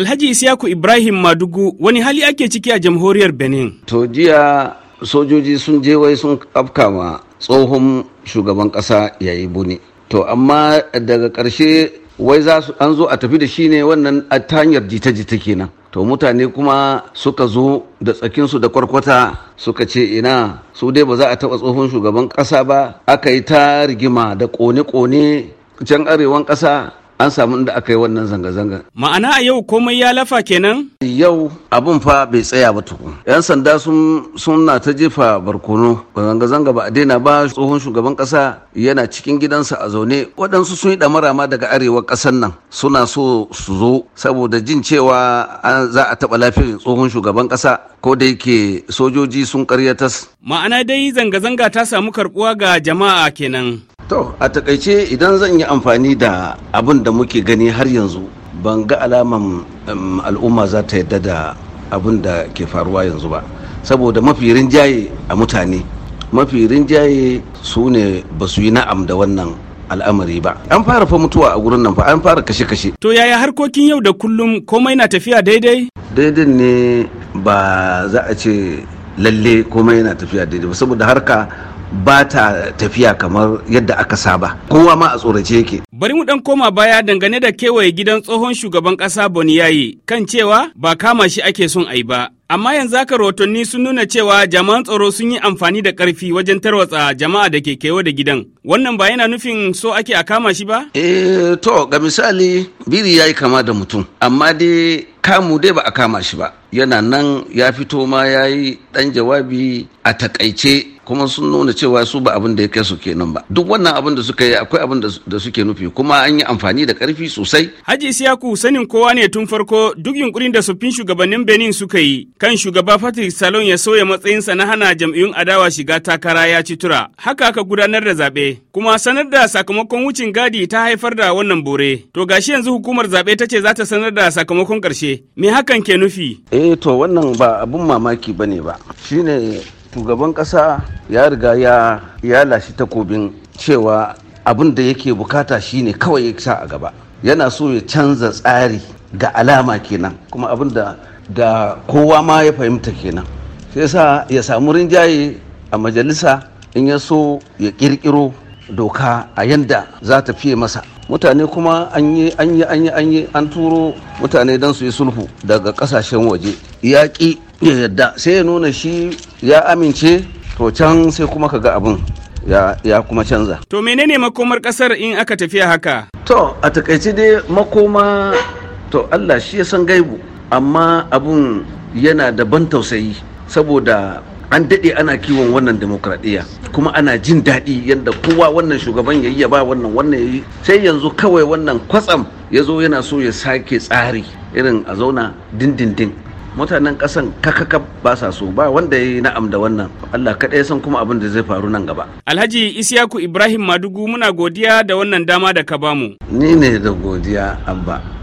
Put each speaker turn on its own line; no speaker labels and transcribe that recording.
Alhaji Isiyaku Ibrahim Madugu wani hali ake ciki a jamhuriyar Benin. To jiya sojoji sun je wai sun afka ma tsohon shugaban ƙasa yayi buni.
To amma daga ƙarshe wai za su an zo a tafi da shi ne wannan ta hanyar jita-jita kenan. To mutane kuma suka zo da tsakinsu da kwarkwata suka ce ina su dai ba za a taɓa tsohon shugaban ƙasa ba aka yi ta rigima da ƙone-ƙone can arewan ƙasa an samu inda aka yi wannan zanga-zanga.
Ma'ana a yau
komai ya lafa kenan? Yau abin fa bai tsaya ba tukun. 'Yan sanda sun suna ta jefa barkono zanga-zanga ba a daina ba tsohon shugaban kasa yana cikin gidansa a zaune waɗansu sun yi ɗamara ma daga arewa ƙasar nan suna so su zo saboda jin cewa za a taɓa lafiyar tsohon shugaban ƙasa ko da yake sojoji sun
ƙaryatas. Ma'ana dai zanga-zanga ta samu karbuwa ga jama'a kenan. to a
takaice idan zan yi amfani da abin da muke gani har yanzu ban ga alaman al'umma za ta yadda da abin da ke faruwa yanzu ba saboda mafi rinjaye a mutane mafi rinjaye su ne ba su yi na'am da wannan al'amari ba an fara fa mutuwa a gurin nan fa an fara kashe-kashe to yaya harkokin yau da kullum komai na tafiya daidai daidai ne ba za a ce lalle komai yana tafiya daidai ba saboda harka ba ta tafiya kamar yadda aka saba kowa ma a tsorace yake
bari mu dan koma baya dangane da kewaye gidan tsohon shugaban kasa boniyayi kan cewa ba kama shi ake son ai ba amma yanzu haka rahotanni sun nuna cewa jama'an tsaro sun yi amfani da karfi wajen tarwatsa jama'a da ke kewa da gidan wannan ba yana nufin so ake a kama shi ba eh to ga misali biri
yayi kama da mutum amma dai kamu dai ba a kama shi ba yana nan ya fito ma yayi yi ɗan jawabi a takaice kuma sun nuna cewa su ba abin da ya kai su kenan ba duk wannan abin da suka yi akwai abin da suke nufi kuma an yi amfani da karfi sosai
haji siyaku sanin kowa ne tun farko duk yunkurin da tsoffin shugabannin benin suka yi kan shugaba patrick salon ya sauya matsayinsa na hana jam'iyyun adawa shiga takara ya ci tura haka aka gudanar da zaɓe kuma sanar da sakamakon wucin gadi ta haifar da wannan bore to gashi yanzu hukumar zaɓe ta ce za ta sanar da sakamakon ƙarshe me hakan ke nufi
eh to wannan ba abun mamaki ba ne ba shine shugaban ƙasa ya riga ya ya lashi takobin cewa abin da yake bukata shine kawai ya sa a gaba yana so ya canza tsari ga alama kenan kuma abin da da kowa ma ya fahimta kenan sai sa ya samu rinjaye a majalisa in ya so ya kirkiro doka a yanda za ta fiye masa mutane kuma an yi an yi an yi an yi an turo mutane don su yi sulhu daga kasashen waje yaƙi ya yadda sai ya nuna shi ya amince to can sai kuma ka ga abin ya, ya kuma canza
to menene makomar kasar in aka tafiya haka
to a takaice dai makoma to allah shi ya san gaibu amma abun yana da ban tausayi saboda an daɗe ana kiwon wannan demokradiyya kuma ana jin daɗi yadda kowa wannan shugaban ya yi ya ba wannan wannan ya yi sai yanzu kawai wannan kwatsam ya zo yana so ya sake tsari irin a zauna dindindin mutanen kasan kakaka ba sa so ba wanda ya yi na'am da wannan Allah kaɗai san kuma abin da zai faru nan gaba.
Alhaji Isiyaku Ibrahim Madugu muna godiya da wannan dama da ka bamu.
Ni ne da godiya abba.